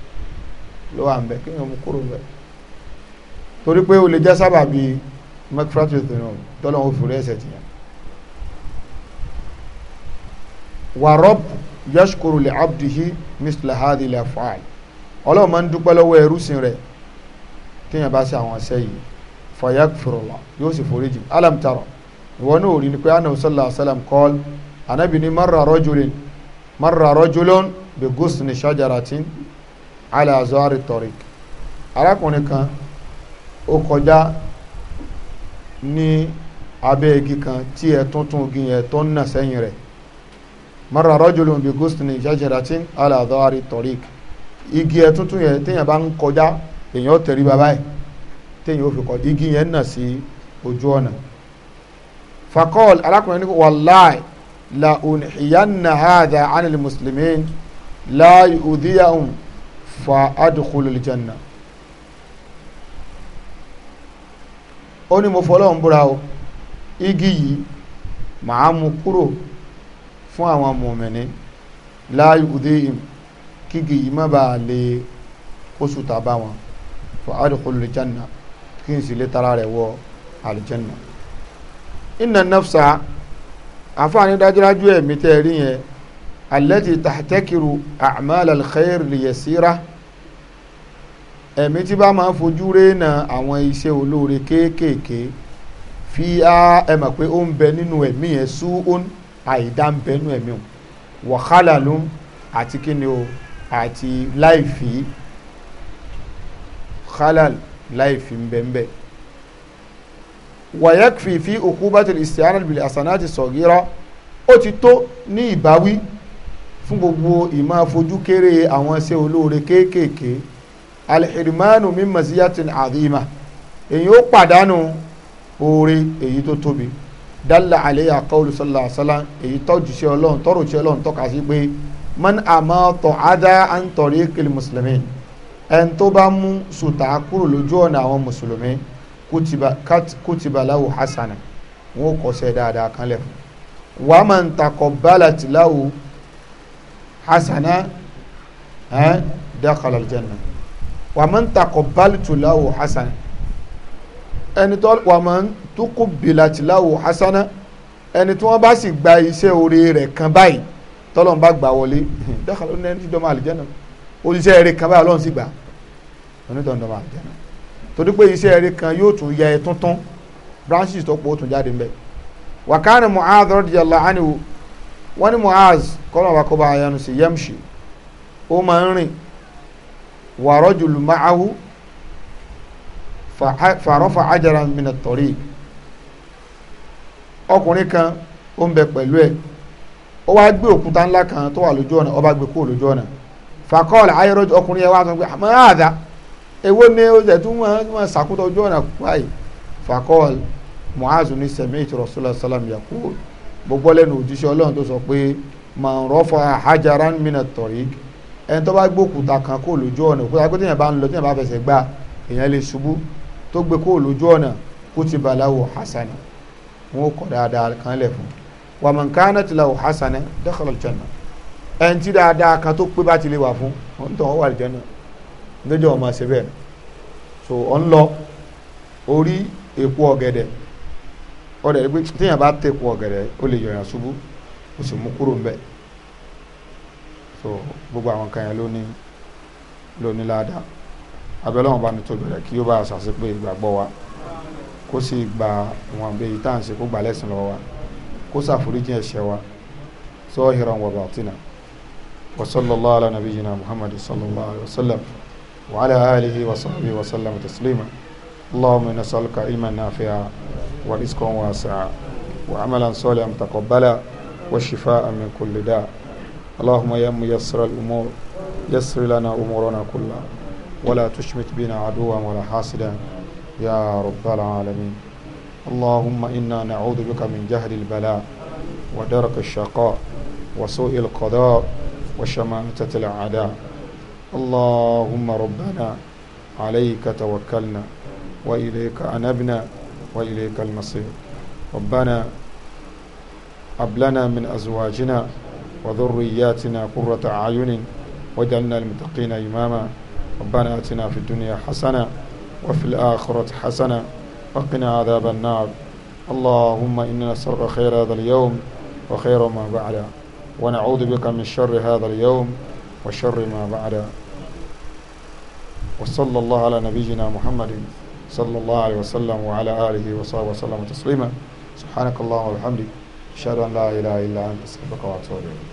ló wà ń bẹ kéèyàn mú kúrò bẹ torí pé o lè jẹ́ sábà bíi mcfratry theorem tọ́lọ́n ó fòrí ẹsẹ̀ tìyàn. wàrọ́b yashkuru li abdihi misla hadi la faal ọlọ́run máa ń dúpẹ́ lọ́wọ́ ẹrú sin rẹ̀ téèyàn bá ṣe àwọn ṣẹ́ yìí fayagfurullah yóò sì foríjì alam tara ìwọ náà rí ni pé anahu sallallahu alayhi wa sallam kọ́l anabi ni marra rajulin marra rajulun bi gusni shajaratin ala zuhari tariq arákùnrin kan ó kọjá ní abẹ́ igi kan tí ẹ tuntun igi yẹn tó ń nà sẹ́yìn rẹ̀ marra rajulun bi gusni shajaratin ala zuhari tariq igi ẹ tuntun yẹn téèyàn bá ń kọjá èèyàn ó tẹrí bàbá ẹ̀ téèyàn ó fi kọ́ igi yẹn nà sí ojú ọ̀nà fakọ́ọ̀l arákùnrin ní wàláì la unhiyanna hadha anil muslimin la yudhiyahum fa adkhulul janna ó ní mo fọlọ́run búra o igi yìí màá mú kúrò fún àwọn mùmìnì la yudhihim kígi yìí má bàa lè kóṣù tàbá wọn fa adkhulul janna kí n sì lè tara rẹ̀ wọ àlùjànnà inna nafsa àfààní dájúdájú ẹ̀mí tẹ́ ẹ rí yẹn allati tahtakiru a'mal al-khair liyasira ẹ̀mí tí bá máa fojú rénà àwọn iṣẹ́ olóore kéékèèké fi á ẹ mọ̀ pé ó ń bẹ nínú ẹ̀mí su'un àìdá ń bẹ nínú o wa khalalun àti kíni o àti láìfì halal láì fi ń bẹ́ńbẹ́ wàyẹ́kfì fi uqubatil isti'ana bil hasanati saghira ó ti tó ní ìbáwí fún gbogbo ìmọ̀ afojú kéré àwọn ṣe olóore kéékèèké alhirmanu min maziyatin azima èyí ó pàdánù oore èyí tó tóbi dalla alayya qawlu sallallahu èyí tọ́jú sí ọlọ́run tọ́rọ̀ sí ọlọ́run tọ́ka sí pé man amata ada an tariqil muslimin ẹn tó bá mú sùtà kúrò lójú ọ̀nà àwọn mùsùlùmí kútìbà láwù hasana wọn ò kọsẹ̀ dáadáa kanlẹ̀ fún wà á ń takọ̀ bálàtì láwù hasana ẹn dákàlà aljanna wà á máa ń takọ̀ bálàtì láwù hasana ẹni tó wà á máa ń tukú bìlàtì láwù hasana ẹni tí wọ́n bá sì gba iṣẹ́ oore rẹ̀ kan báyìí tọ́lọ́n gbà wọlé dákàlà ó ní ẹni tí dọ́mọ àlìjẹ́nà oníṣẹ́ eré kan báyìí ọlọ́run sì gbà onítọ̀ọ̀dọ̀ máa jẹ́ náà torí pé iṣẹ́ eré kan yóò tún yẹ tuntun branches tó pọ̀ ó tún jáde ńbẹ̀ wakana muaz radiyallahu anhu wọ́n ní muaz kọ́lọ̀ wa kó bá ayanu sí yamshi ó máa ń rìn wa rajul ma'ahu farafa ajaran min at-tariq ọkùnrin kan ó ń bẹ pẹ̀lú ẹ̀ ó wá gbé òkúta ńlá kan tó wà lójú ọ̀nà ó gbé kúrò lójú ọ̀nà fakọ́ọ̀lù ayọ́rọ́jọ ọkùnrin yẹn wá sọ pé àmọ́ràdà èwo ni ó jẹ́ tún wọn sàkótọ́ ojú ọ̀nà báyìí fakọ́ọ̀lù muhazu ní sẹ̀mí ìtúrọ̀sọ́lá sálàm yàkó gbogbo lẹ́nu òjíṣẹ́ ọlọ́run tó sọ pé màá rọ́fà hajaran mina tọ̀rí ẹni tó bá gbókùtà kan kó lójú ọ̀nà òkúta pé téèyàn bá ń lọ téèyàn bá fẹsẹ̀ gbá èèyàn lè ṣubú tó gbé kó lójú ọ̀nà kutiba lahu hasana wọn kọ dáadáa kan lẹ fún wa man kanat lahu hasana dakhala al-janna ẹni tí dáadáa kan tó pé bá ti lè wà fún ọ̀n tó wà lìjẹ́ náà lójú ọmọ ṣe bẹ́ẹ̀ so ọ̀n lọ orí èpo ọ̀gẹ̀dẹ̀ ọ̀dẹ̀ pé téèyàn bá tẹ̀ èpo ọ̀gẹ̀dẹ̀ ó lè yọ̀yàn ṣubú ó sì mú kúrò ńbẹ̀ so gbogbo àwọn kan yẹn ló ní ló ní ládàá abẹ́lẹ́ wọn bá ní tóbi rẹ̀ kí ó bá ṣàṣepé ìgbàgbọ́ wa kó sì gba ìwọ̀n bíi tá ṣe kó gbà lẹ́sìn lọ́wọ́ wa kó ṣàforíjì ẹ̀ṣẹ̀ wa sọ́ọ́ hìrọ̀ bàtínà. So, وصلى الله على نبينا محمد صلى الله عليه وسلم وعلى آله وصحبه وسلم تسليما اللهم نسألك علما نافعا ورزقا واسعا وعملا صالحا تقبلا وشفاء من كل داء اللهم يا ميسر الأمور يسر لنا أمورنا كلها ولا تشمت بنا عدوا ولا حاسدا يا رب العالمين اللهم إنا نعوذ بك من جهل البلاء ودرك الشقاء وسوء القضاء وشماتة الأعداء اللهم ربنا عليك توكلنا وإليك أنبنا وإليك المصير ربنا أبلنا من أزواجنا وذرياتنا قرة أعين واجعلنا المتقين إماما ربنا آتنا في الدنيا حسنة وفي الآخرة حسنة وقنا عذاب النار اللهم إننا نسألك خير هذا اليوم وخير ما بعده ونعوذ بك من شر هذا اليوم وشر ما بعد وصلى الله على نبينا محمد صلى الله عليه وسلم وعلى آله وصحبه وسلم تسليما سبحانك اللهم وبحمدك أشهد أن لا إله إلا أنت أستغفرك وأتوب إليك